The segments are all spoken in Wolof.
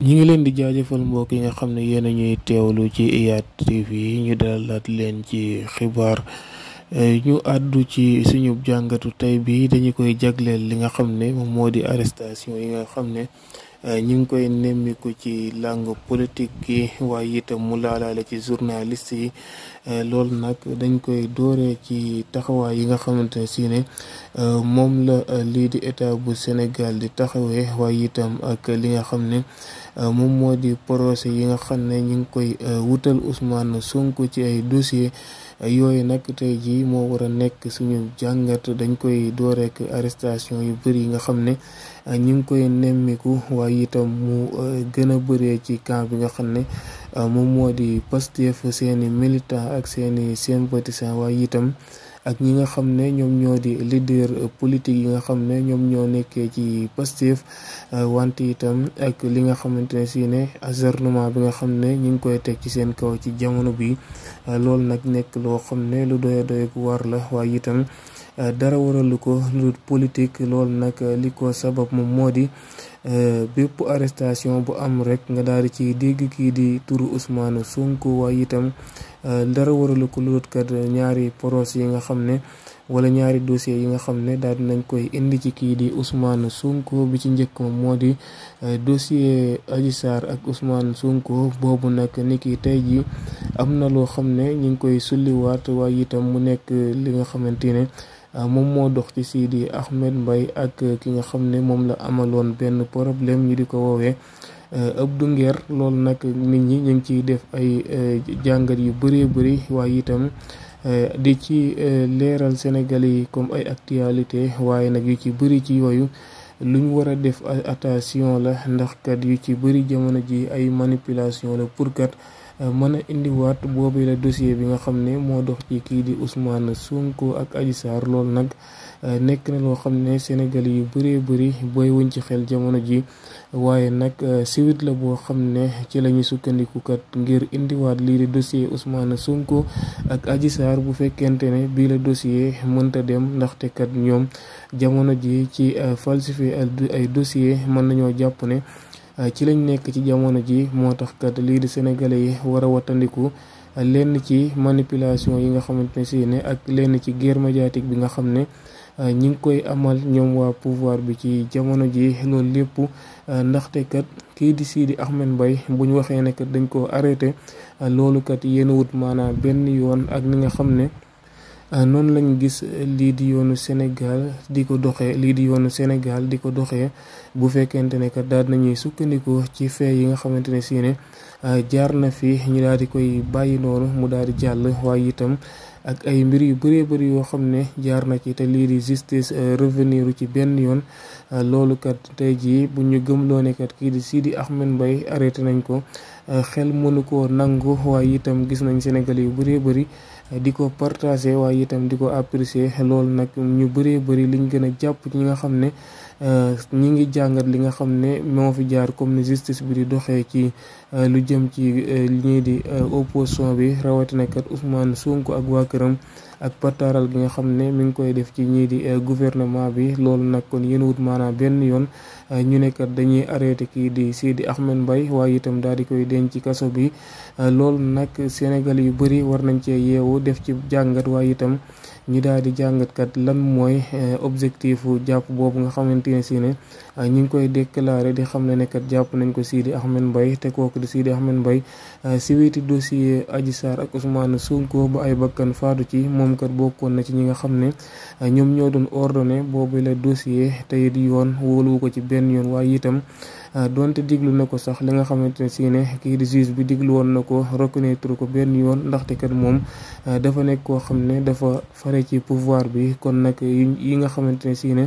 ñu ngi leen di jaajëfal mbokk yi nga xam ne yéen a ñuy teewlu ci IYAT TV ñu dalalaat leen ci xibaar eh, ñu àddu ci suñu jàngatu tey bii dañu koy jagleel li nga xam ne moom moo di arrestation yi nga xam ne Eh, ñu ngi koy nemmiku ci langue politique gi waaye itam mu laalaale ci journaliste yi eh, loolu nag dañ koy dooree ci taxawaay yi nga xamante ne si ne eh, moom la lii di état bu Sénégal di taxawee waay itam ak li nga xam ne moom moo di procès yi nga xam ne ñu ngi koy wutal Ousmane Sonko ci ay dossier yooyu nag tey jii moo war a nekk suñu jàngat dañ koy dooreek rek arrestation yu bëri yi nga xam ne ah, ñu ngi koy nemmiku waaye itam mu ah, gën a bëree ci camp bi nga xam ne ah, moom moo di Pastef seeni militant ak seeni sympathisant waaye itam ak ñi nga xam ne ñoom ñoo di leader politique yi nga xam ne ñoom ñoo nekkee ci Pastef euh, wante itam ak li nga xamante ne si ne acharnement bi nga xam ne ñu ngi koy teg ci seen kaw ci jamono bi euh, loolu nag nekk loo xam ne lu doy doy war la waaye itam euh, dara waralu ko lu politique loolu nag li ko sabab moom moo di bépp arrestation bu am rek nga daal di ci dégg kii di turu Ousmane Sonko waaye itam Euh, dara waralu ko lu dul euh, ñaari poros yi nga xam ne wala ñaari dossier yi nga xam ne daal nañ koy indi ci kii di usmaan Sonko bi ci njëkk moom moo di euh, dossier Adji ak usmaan Sonko boobu nag ni kii tey jii am na loo xam ne ñu ngi koy sulliwaat waaye itam mu nekk li nga xamante ne moom moo dox ci Sidi Ahmed mbay ak ki nga xam ne moom la amaloon benn problème ñu di ko woowee. ab euh, du ngeer loolu nag nit ñi ñu ngi ciy def ay euh, jàngat yu bëree bëri waaye itam euh, di ci leeral Sénégalais yi comme ay actualité waaye nag yu ci bëri ci yooyu lu ñu war a def attention la ndax kat yu ci bëri jamono ji ay manipulation la pour kat mën a indiwaat boobu la dossier bi nga xam ne moo dox ci kii di Ousmane sunko ak Adji Sarr loolu nag Euh, nekk na loo xam ne Sénégal yu bëree bëri booy wuñ ci xel jamono ji waaye nag euh, siwit la boo xam ne ci la ñu sukkandikukat ngir indiwaat lii di dossier Ousmane Sonko ak Adji bu fekkente ne bii la dossier mënta dem ndaxte kat ñoom jamono ji ci euh, falsifier ay dossier mën nañoo jàpp ne ci lañ nekk ci jamono ji moo tax kat lii di sénégalais yi war a wattandiku lenn ci manipulation yi nga xamante ne si ne ak lenn ci guerre médiatique bi nga xam ne Euh, ñi ngi koy amal ñoom waa pouvoir bi ci jamono ji loolu lépp euh, ndaxte kat kii di Sidi Ahmed Mbaye bu ñu waxee ne kat dañ koo arrêté euh, loolu kat yéen wut maanaam benn yoon ak ni nga xam ne noonu lañu gis lii di yoonu Sénégal di ko doxe lii di yoonu Sénégal di ko doxe bu fekkente ne kat daal nañuy sukkandiku ci fee yi nga xamante ne si jaar na fi ñu daal di koy bàyyi noonu mu daal di jàll waaye itam ak ay mbir yu bëree bëri yoo xam ne jaar na ci te lii di justice euh, revenir ci benn yoon euh, loolukat kat tey jii bu ñu gëmloo ne kat kii di Sidi Ahmed Mbaye arrêté nañ ko euh, xel mënu ko nangu waaye itam gis nañ Sénégal yu bëree bëri di ko partagé waaye itam di ko apprécier loolu nag ñu bëree bëri liñ gën a jàpp ci nga xam ne Euh, ñi ngi jàngat li nga xam ne moo fi jaar comme ni justice bi di doxee ci euh, lu jëm ci ñii euh, di opposition bi rawatina kat Ousmane Sonko ak waa këram ak partaaral gi nga xam ne mu ngi koy def ci ñii di eh, gouvernement bi loolu nag kon yéen wut maanaam benn yoon eh, ñu nekkat dañuy arrêté kii di Sidi Ahmed mbay waaye itam daal di koy denc ci kaso bi eh, loolu nag Sénégal yu bëri war nañ cee yeewu def ci jàngat waaye itam ñu daal di jàngatkat lan mooy objectifu jàpp boobu nga xamante ne si ne ñu ngi koy déclaré di xam ne nekkat jàpp nañ ko Sidi Ahmed Mbaye te kooku di Sidi Ahmed Mbaye si wéeti dossier Adji Sarr ak Ousmane sunko ba ay bakkan faatu ci moom kat bokkoon na ci ñi nga xam ne ñoom ñoo doon ordonné boobu la dossier te it yoon wóoluwu ko ci benn yoon waaye itam Euh, donte diglu na ko sax li nga xamante ne si ne kii di juge bi diglu woon na ko reconnaître ko benn yoon ndaxte kat moom euh, dafa nekk koo xam ne dafa fare ci pouvoir bi kon nag yi nga xamante ne si euh,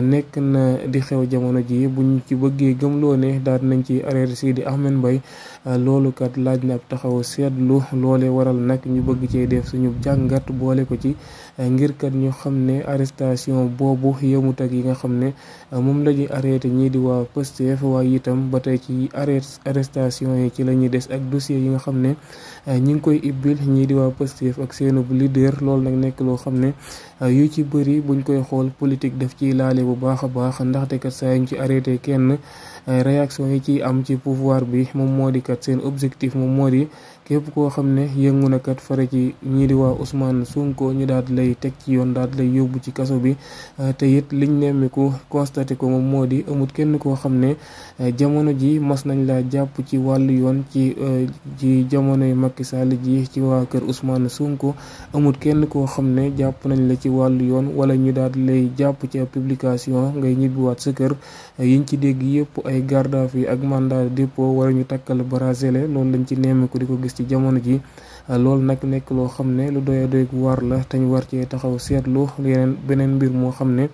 nekk na di xew jamono ji buñ ci bëggee gëmloo ne daal nañ ci arrêté si di Ahmed Mbaye loolu kat laaj na ab taxaw seetlu loole waral nag ñu bëgg cee def suñu jàngat boole ko ci ngir kat ñu xam ne arestation boobu yëmut ak yi nga xam ne moom la ñuy arrêté ñii di waa Pastef waaye itam ba tey ci arrestation yi ci la ñuy des ak dossier yi nga xam ne ñi ngi koy ibbil ñii di waa Pastef ak seenu bu leader loolu nag nekk loo xam ne yu ci bëri buñ koy xool politique daf ciy laale bu baax a baax ndaxte kat saa ñu ci arrêté kenn réaction yi ciy am ci pouvoir bi moom moo di kat seen objectif moom moo di képp koo xam ne yëngu na kat fare ci ñii di waa Ousmane Sonko ñu daal lay teg ci yoon daal lay yóbbu ci kaso bi ah, te it liñ nemmiku constaté ko moom moo di amut kenn koo xam ne eh, jamono ji mas nañ laa jàpp ci wàllu yoon ci eh, ci jamonoy Macky Sall ji ci waa kër Ousmane Sonko amut kenn koo xam ne jàpp nañ la ci wàll yoon wala ñu daal di lay jàpp ci publication ngay ñibbiwaat sa kër eh, yiñ ci dégg yëpp ay ay fii ak mandat de dépôt wala ñu takkal bracelet loolu lañ ci nemmeeku di ko gis ci jamono ji loolu nag nekk loo xam ne lu doy doy war la te war cee taxaw seetlu yeneen beneen mbir moo xam ne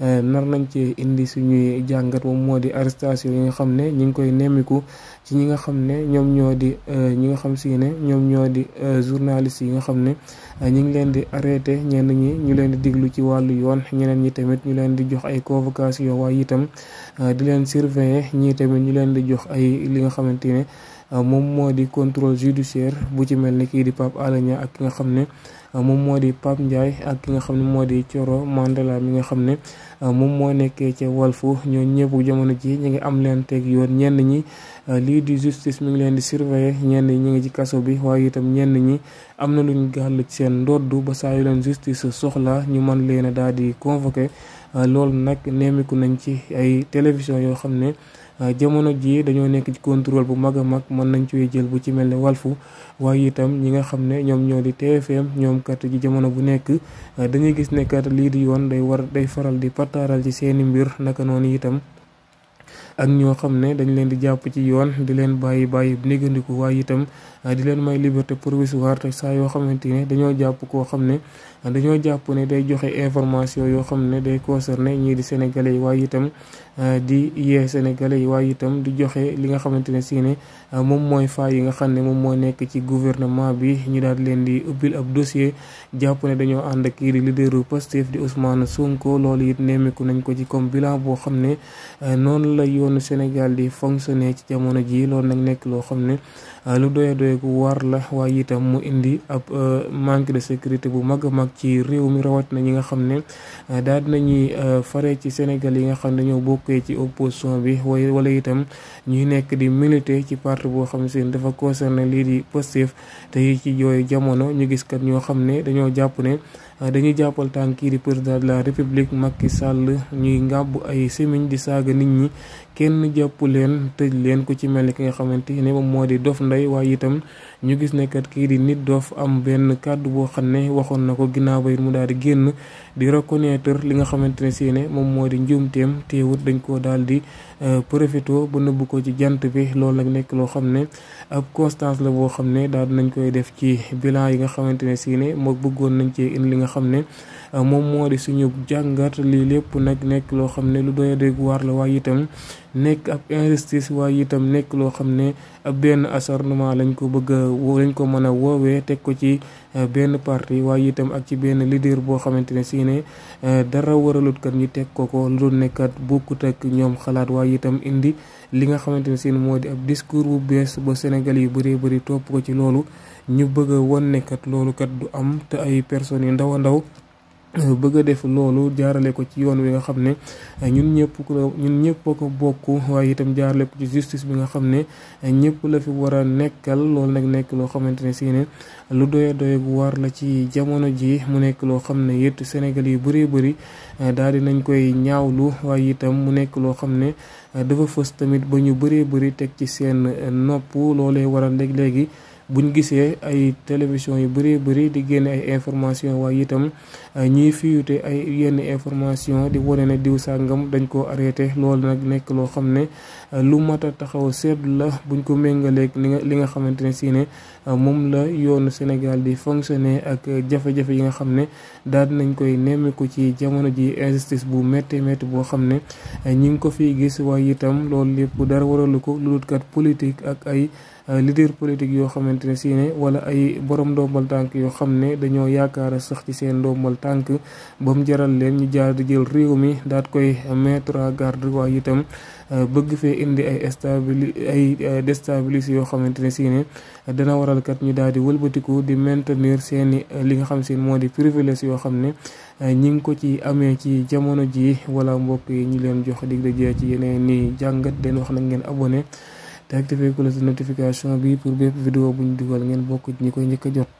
eh, nar nañ cee indi suñuy jàngat moom moo di arrestation yi nga xam ne ñu ngi koy nemmiku ci ñi nga xam ne ñoom ñoo di eh, ñi nga xam si ne ñoom ñoo di eh, journalistes yi nga xam ne ñu ngi leen di arrêté ñenn ñi ñu leen di diglu ci wàllu yoon ñeneen ñi tamit ñu leen di jox ay convocation waaye itam di leen surveiller ñii tamit ñu leen di jox ay li nga xamante ne Euh, moom moo di contrôle judiciaire bu ci mel ni kii di Pape Alé ak ki nga xam ne euh, moom moo di Pape Ndiaye ak ki nga xam ne moo di Thioro Mandela mi nga xam ne euh, moom moo nekkee ca Walfu ñoo ñëpp jamono ji ñu ngi am leen teg yoon ñenn ñi lii di justice mi ngi leen di surveiller ñenn ñi ñu ngi ci kaso bi waaye itam ñenn ñi am na luñ gàll ci seen ndodd ba saa yu leen justice soxla ñu mën leen a daal di convoqué loolu nag neemiku nañ ci ay télévision yoo xam ne Euh, jamono jii dañoo nekk ci contrôle bu mag a mag mën nañ cee jël bu ci mel ne walfu waaye itam ñi nga xam ne ñoom ñoo di TFM ñoom kat ji jamono bu nekk euh, dañuy gis ne kat lii di yoon day war day faral di pataaral ci seeni mbir naka noonu itam ak ñoo xam ne dañ leen di jàpp ci yoon di leen bàyyi bàyyi négandiku waaye itam Euh, di leen may liberté provisoire te saa yoo xamante ne dañoo jàpp koo xam ne dañoo jàpp ne day joxe information yoo xam ne day concerné ñii di sénégalais yi waaye itam euh, di yee sénégalais yi waaye itam di joxe li nga xamante ne si ne euh, moom mooy faa yi nga xam ne moom moo nekk ci gouvernement bi ñu daal di leen di ubbil ab dossier jàpp ne dañoo ànd ak kii di leaderu Pastef di Ousmane Sonko loolu it nemmeeku nañ ko ci comme bilan boo xam ne noonu la yoonu Sénégal di fonctionné ci jamono jii loolu nag nekk loo xam ne gu war la waaye itam mu indi ab euh, manque de sécurité bu mag mag ci réew mi rawat na ñi nga xam ne euh, daal dinañuy euh, fare ci Sénégal yi nga xam ne dañoo bokkee ci opposition bi waaye wala itam ñuy nekk di militer ci parti boo xam ne seen dafa concerné lii di Pastef te yi ci jooy jamono ñu giskat ñoo xam ne dañoo jàpp ne Euh, dañuy jàppal tànk kii di président de la république Macky Sall ñuy ngàbb ay semiñ di saaga nit ñi kenn jàpp leen tëj leen ku ci mel ni ki nga xamante ni moom moo di Dof ndey waaye itam ñu gis ne kat kii di nit doof am benn kàddu boo xam ne waxoon na ko ginnaaw ba it mu daal di génn di reconnaître li nga xamante ne si ne moom moo di njuumteem teewut dañ koo daal di euh, profito ba nëbbu ko ci jant bi loolu nag nekk loo xam ne ab constance la boo xam ne daal nañ koy def ci bilan yi nga xamante ne si moo bëggoon nañ cee indi li nga xam ne euh, moom moo di suñu jàngat lii lépp nag nekk loo xam ne lu doy dégg waar la waaye itam nekk ak injustice waaye itam nekk loo xam ne ab benn assornement lañ ko bëgg a lañ ko mën a woowee teg ko ci euh, benn parti waaye itam ak ci benn leader boo xamante ne si euh, dara waralut kat ñu teg ko ko lu dul nekkat bokkut ak ñoom xalaat waaye itam indi li nga xamante ne si moo di ab discours bu bees ba Sénégal yu bëree bëri topp ko ci loolu ñu bëgg a won nekkat loolu kat du am te ay personnes yu ndaw a ndaw bëgg a def loolu jaarale ko ci yoon wi nga xam ne ñun ñëpp ñun ñëpp ko bokk waaye itam jaarale ko ci justice bi nga xam ne ñëpp la fi war a nekkal loolu nag nekk loo xamante ne siine lu doye doye gu war la ci jamono ji mu nekk loo xam ne it Sénégal yu bëree bëri daal di nañ koy ñaawlu waaye itam mu nekk loo xam ne dafa fës tamit ba ñu bëree bëri teg ci seen nopp loolee waral léeg-léegi buñ gisee ay télévision yu bëri bëri di génne ay information waaye itam eh, ñiy fiyute ay yenn information di wane ne diw sàngam dañ koo arrêté loolu nag nekk loo xam ne eh, lu mat a taxaw seetlu la buñ ko méngaleeg li nga li nga xamante ne si moom la yoonu Sénégal di fonctionner ak jafe-jafe yi nga xam ne daal nañ koy nemmeeku ci jamono ji injustice bu métti métti boo xam ne eh, ñi ngi ko fi gis waaye itam loolu lépp dara waralu ko lu dul kat ak ay eh, leader politique yoo xamante ne si wala ay borom ndombal tànk yoo xam ne dañoo yaakaar sax ci seen ndombal tànk ba mu jaral leen ñu jaar jël réew mi daat koy mettre à garde waaye itam Euh, bëgg fee indi ay stabili ay déstabilis yoo xamante ne si ne dana waral kat ñu daal di wëlbatiku di maintenir seeni euh, li nga xam si moo di privilège yoo xam ne euh, ñi ngi ko ci amee ci jamono ji wala mbokk yi ñu leen jox dig dajee ci yeneen ni jàngat den wax na ngeen abonné te activé cloche de notification bi pour bépp vidéo bu dugal ngeen bokk ñi koy njëkk a jot